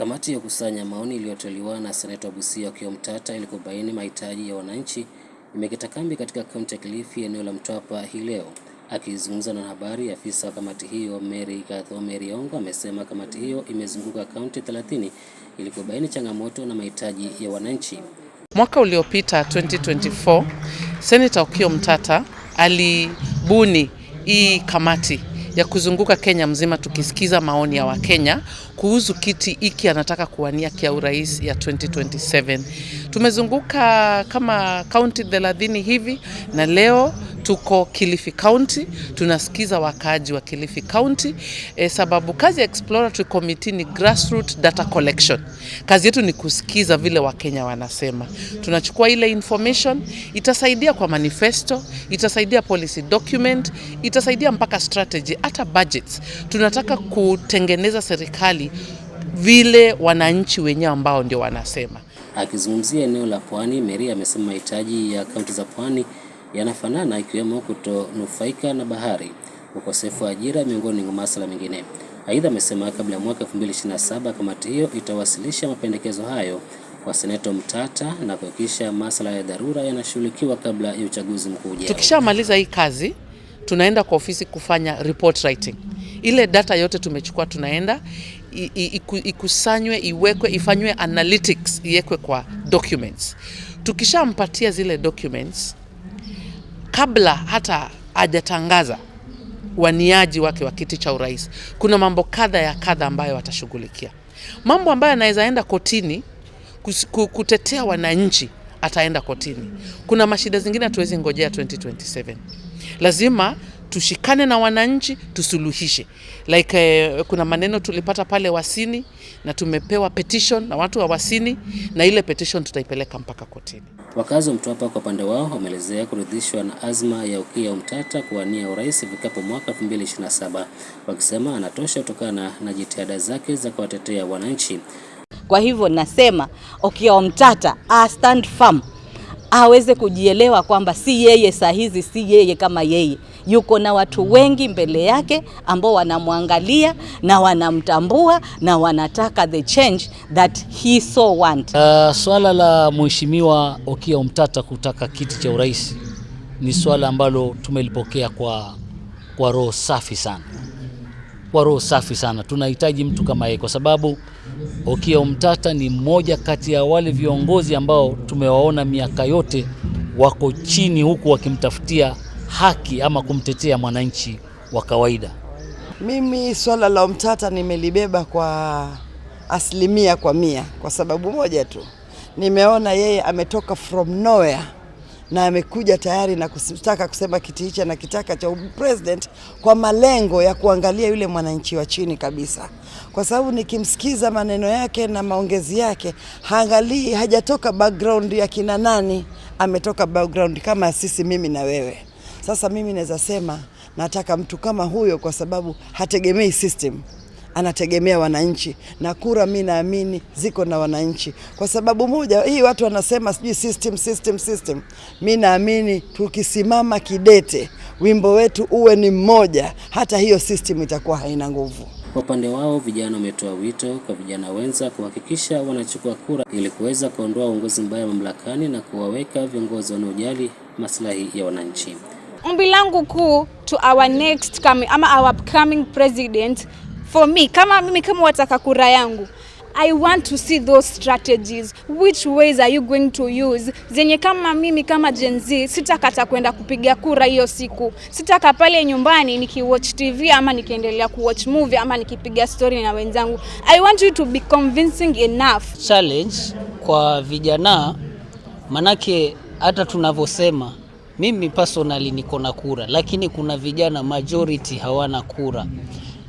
Kamati ya kusanya maoni iliyotolewa na seneta Busia Okiya mtata ili kubaini mahitaji ya wananchi imekita kambi katika kaunti ya Kilifi eneo la Mtwapa hii leo. Akizungumza na habari, afisa wa kamati hiyo Mary Kathome Riongo amesema kamati hiyo imezunguka kaunti 30 ili kubaini changamoto na mahitaji ya wananchi. Mwaka uliopita 2024, Seneta Okiya mtata alibuni hii kamati ya kuzunguka Kenya mzima tukisikiza maoni ya Wakenya kuhusu kiti hiki anataka kuwania kia urais ya 2027. Tumezunguka kama kaunti 30 hivi na leo tuko Kilifi County, tunasikiza wakaaji wa Kilifi County e, sababu kazi ya exploratory committee ni grassroots data collection. Kazi yetu ni kusikiza vile Wakenya wanasema, tunachukua ile information, itasaidia kwa manifesto, itasaidia policy document, itasaidia mpaka strategy, hata budgets. Tunataka kutengeneza serikali vile wananchi wenyewe ambao ndio wanasema. Akizungumzia eneo la Pwani, Mary amesema mahitaji ya kaunti za Pwani yanafanana ikiwemo kutonufaika na bahari, ukosefu wa ajira, miongoni mwa masuala mengine. Aidha, amesema kabla ya mwaka 2027 kamati hiyo itawasilisha mapendekezo hayo kwa seneto Mtata na kuhakikisha masuala ya dharura yanashughulikiwa kabla ya uchaguzi mkuu ujao. Tukishamaliza hii kazi, tunaenda kwa ofisi kufanya report writing. Ile data yote tumechukua, tunaenda ikusanywe, iwekwe, ifanywe analytics, iwekwe kwa documents. Tukishampatia zile documents kabla hata hajatangaza waniaji wake wa kiti cha urais, kuna mambo kadha ya kadha ambayo watashughulikia, mambo ambayo anaweza enda kotini kutetea wananchi, ataenda kotini. Kuna mashida zingine hatuwezi ngojea 2027 lazima tushikane na wananchi tusuluhishe. Like eh, kuna maneno tulipata pale Wasini na tumepewa petition na watu wa Wasini na ile petition tutaipeleka mpaka kotini. Wakazi wa Mtwapa kwa upande wao wameelezea kuridhishwa na azma ya ukia mtata kuwania urais ifikapo mwaka 2027 wakisema anatosha kutokana na jitihada zake za kuwatetea wananchi. Kwa hivyo nasema ukia mtata a stand firm aweze kujielewa kwamba si yeye saa hizi, si yeye kama yeye yuko na watu wengi mbele yake ambao wanamwangalia na wanamtambua na wanataka the change that he so want. Uh, swala la Mheshimiwa Okiya Omtata kutaka kiti cha urais ni swala ambalo tumelipokea kwa, kwa roho safi sana, kwa roho safi sana. Tunahitaji mtu kama yeye kwa sababu Okiya Omtata ni mmoja kati ya wale viongozi ambao tumewaona miaka yote wako chini huku wakimtafutia haki ama kumtetea mwananchi wa kawaida. Mimi swala la Mtata nimelibeba kwa asilimia kwa mia kwa sababu moja tu, nimeona yeye ametoka from nowhere na amekuja tayari na kutaka kusema kiti na kitaka cha president kwa malengo ya kuangalia yule mwananchi wa chini kabisa, kwa sababu nikimsikiza maneno yake na maongezi yake, haangalii hajatoka background ya kina nani, ametoka background kama sisi, mimi na wewe. Sasa mimi naweza sema nataka mtu kama huyo, kwa sababu hategemei system, anategemea wananchi, na kura mi naamini ziko na wananchi. Kwa sababu moja hii, watu wanasema sijui system, system, system. Mi naamini tukisimama kidete, wimbo wetu uwe ni mmoja, hata hiyo system itakuwa haina nguvu. Kwa upande wao vijana wametoa wito kwa vijana wenza kuhakikisha wanachukua kura ili kuweza kuondoa uongozi mbaya mamlakani na kuwaweka viongozi wanaojali maslahi ya wananchi ombi langu kuu to our next coming, ama our upcoming president, for me kama mimi kama wataka kura yangu I want to see those strategies. Which ways are you going to use? Zenye kama mimi kama Gen Z sitakata kwenda kupiga kura hiyo siku, sitaka pale nyumbani nikiwatch TV ama nikiendelea kuwatch movie ama nikipiga story na wenzangu. I want you to be convincing enough. Challenge kwa vijana, manake hata tunavyosema mimi personally niko na kura, lakini kuna vijana majority hawana kura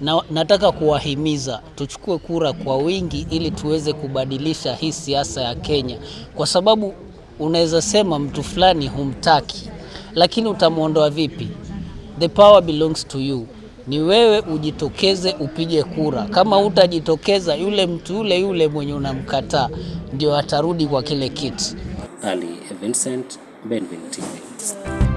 na, nataka kuwahimiza tuchukue kura kwa wingi ili tuweze kubadilisha hii siasa ya Kenya, kwa sababu unaweza sema mtu fulani humtaki, lakini utamwondoa vipi? The power belongs to you. Ni wewe ujitokeze upige kura. Kama utajitokeza, yule mtu yule yule mwenye unamkataa ndio atarudi kwa kile kiti. Ali Vincent, Benvin TV. Thanks.